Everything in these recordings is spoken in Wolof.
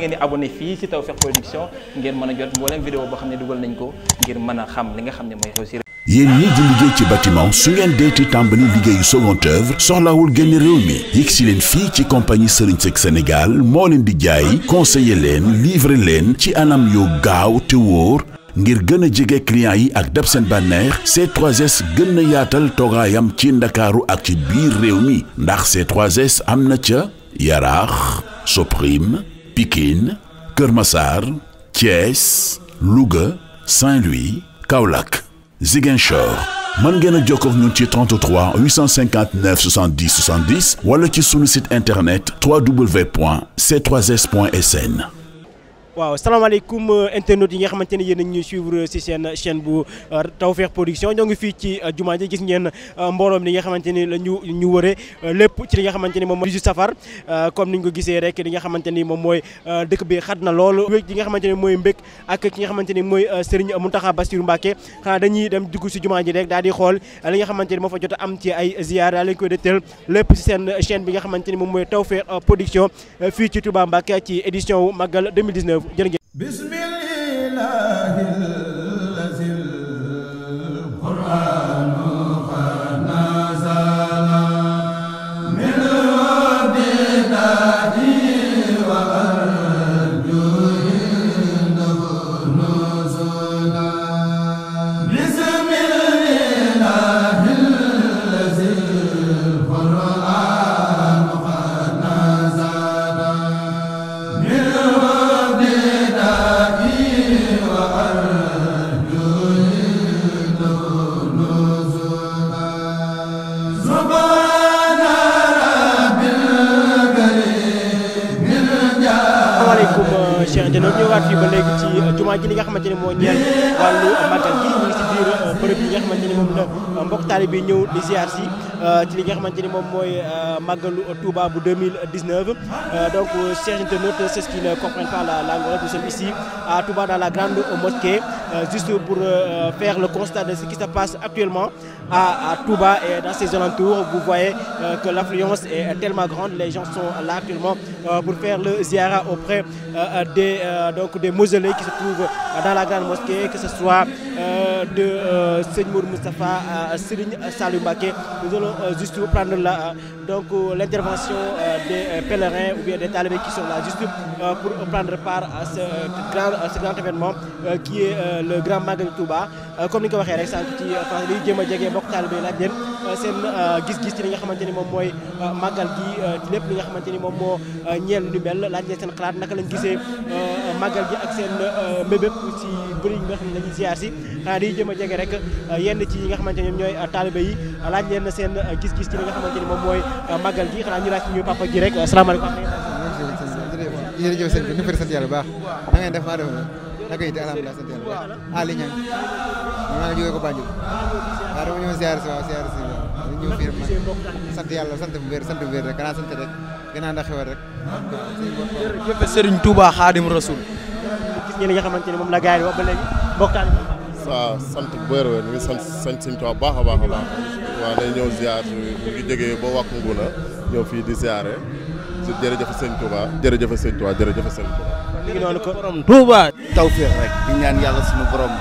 ngeen di abonné fii ci Tawfekh ngeen mën a jot mboolem vidéo boo xam ne dugal nañ ko ngir mën a xam li nga xam ne mooy xew ci yéen ñii di liggéey ci bâtiment su ngeen deeti tàmbali liggéeyu seconde œuvre soxlawul génn réew mi yegg si leen fii ci compagnie Serigne Seck Sénégal moo leen di jaay conseiller leen livrer leen ci anam yoo gaaw te wóor ngir gën a jege client yi ak dab seen bànneex c 3 gën a yaatal toogaayam ci ndakaaru ak ci biir réew mi ndax c 3 am na ca Yaraax Soprim Pikine Kër Massar Thiès Louga Saint-Louis Kaolack Ziguinchor mën ngeen a jokkoo ak ñun ci 33 859 70 70 wala ci sunu site internet www.c3s.sn waaw salaamaaleykum euh, internautes yi nga xamante ne yéen a ñuy suivre si seen chaîne bu euh, Tawfekh Production ñoo ngi fii ci euh, jumaa ji gis ngeen mbooloom li nga xamante ni la ñu ñu wëre lépp ci li nga xamante ni moom mooy safar comme ni ñu ko gisee rek li nga xamante ni moom mooy dëkk bi xat na lool li nga xamante ni mooy mbég ak ki nga xamante ni mooy Serigne Mountakha Bassirou Mbacké xanaa dañuy dem dugg ci jumaa ji rek daal di xool li nga xamante ni moo fa jot am ci ay ziar daal lañ koy dëttal lépp ci seen chaîne bi nga xamante ni moom mooy Tawfekh Production fii ci Touba Mbacké ci édition wu Magal 2019 jërë ngeen. Cheikh Dieng ñu ñëwaat fii ba léegi ci euh, jumaa ji li nga xamante ne moo ñeel wàllu màggal gi ñu ngi si biir euh, bërëb yi nga xamante ne moom la mbokk taali bi ñëw di ziar si Euh, ci li nga xamante ni moom mooy euh, màggalu Touba bu 2019 euh, donc chers internautes c'est ce qui ne comprennent pas la langue nous ici à Touba dans la grande mosquée juste pour faire le constat de ce qui se passe actuellement à Touba et dans ses alentours vous voyez que l'affluence est tellement grande les gens sont là actuellement pour faire le ziara auprès des donc qui se trouvent dans la grande mosquée que ce soit de euh, Seigneur Moustapha euh, Serigne Salou Mbaké. Nous allons euh, juste prendre la, euh, donc l'intervention des pèlerins ou bien des talibés qui sont là juste pour prendre part à ce grand événement qui est le grand Magal Touba comme ni nga ko waxee rek sànq ci français liy jéem a jege mbokk talibé laaj leen Euh, seen euh, gis-gis ci li nga xamante ni moom mooy euh, màggal gi lépp li nga xamante ni moom moo ñeel lu mel laaj leen seen xalaat naka lañ gisee màggal gi ak seen mbébép ci bëri yi nga xam ne dañuy ziar si xanaa di a jege rek yenn ci yi nga xamante ni ñooy taalibe yi laaj leen seen gis-gis ci moom mooy màggal ñu laaj rek salaamaaleykum jërëjëf sëñ bi ñu fëri sant yàlla bu baax na ngeen def maa def naka it alhamdulilah sant yàlla bu baax Ali Niang maa ngi ko Banjul waaw dama ñëw ziar si waaw ziar si dañ ñëw fii rek nag sant yàlla sant bu wér sant bu wér rek gannaaw sant rek gannaaw ndax xewal rek jërëjëf Serigne Touba Khadim Rasoul gis ngeen li nga xamante ni moom la gars yi wax ba léegi bokkaan waaw sant bu wér wér ñu ngi sant sant Serigne Touba baax a baax a baax ñëw ziar ngi jógee ba wàkk nguuna ñëw fii di ziare jërëjëf Serigne Touba jërëjëf Serigne Touba jërëjëf Serigne Touba li ngi noonu ko rek di ñaan yàlla suñu borom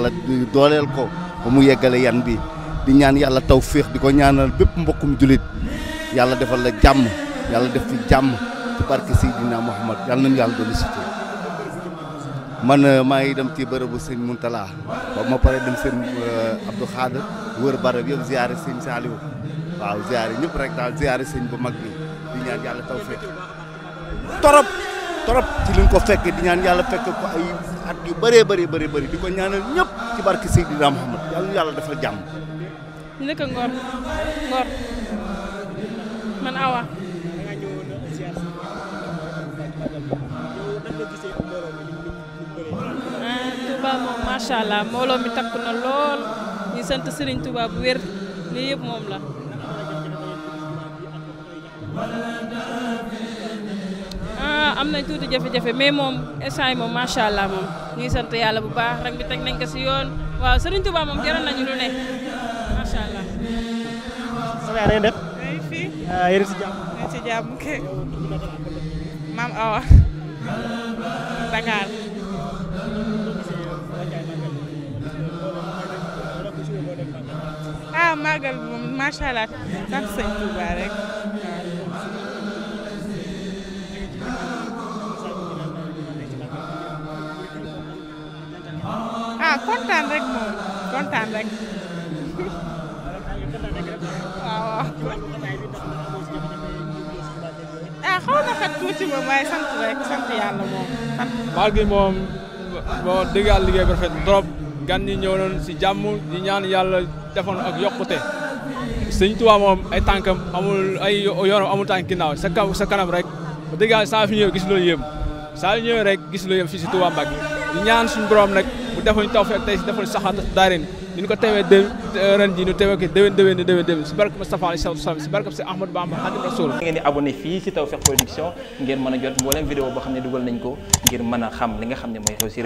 yàlla dooleel ko ba mu yeggale yan bi di ñaan yàlla taw féex di ko ñaanal bépp mbokkum julit yàlla defal la jàmm yàlla def fi jàmm ci barke Seydina Muhammad yàlla nañu yàlla doolu sutur man euh, maa ngi dem ci bërëbu sëñ Muntala ba ma pare dem sëñ euh, Abdou Khadre wër barab yëpp ziare sëñ Saliou waaw ziare ñëpp rek daal ziare sëñ bu mag bi di ñaan yàlla taw torop trop ci liñ ko fekkee di ñaan yàlla fekk ko ay at yu bëree bëri bëri bëri di ko ñaanal ñëpp ci barke Seydina Muhammad yàlla yàlla dafa jàmm. ñu dëkk Ngor Ngor man Awa. Ah, Touba moom macha allah mbooloo mi takku na lool ñu sant Serigne Touba wér lii yëpp moom la. am nañ tuuti jafe-jafe mais moom instant yi moom macha allah moom ñu ngi sant yàlla bu baax rek bi teg nañ ko si yoon waaw Serigne Touba moom jaral nañu lu ne macha allah. soxna ah, ah, Aya rek. ah kontaan rek moom kontaan rek. waaw. Ah, xaw na xat tuuti moom waaye sant rek sant yàlla moom sant. gi moom boo dégg yàlla liggéey bi trop gan ñi ñëw si jàmm di ñaan yàlla defoon ak yokkute. sëñ Tuubaa moom ay tànkam amul ay yoonam amul tànk ginnaaw sa kaw sa kanam rek ba dégg yàlla saa fi ñëw gis loolu yëm saa fi rek gis loolu yëm si Tuubaa Mbàkke di ñaan suñu borom nag. mu defuñu tawfeex ak tey si defuñu saxaat daarin ni ñu ko teewee dé ren ji ñu teewee ko déwén déwén ni déwén déwén si barke Moustapha alayhi salaatu salaam si barke si Ahmadou Bamba Xaadimu Rasuul ngeen di abonné fii si Tawfekh Production ngeen mën a jot mboolem vidéo boo xam ne dugal nañ ko ngir mën a xam li nga xam ne mooy xew si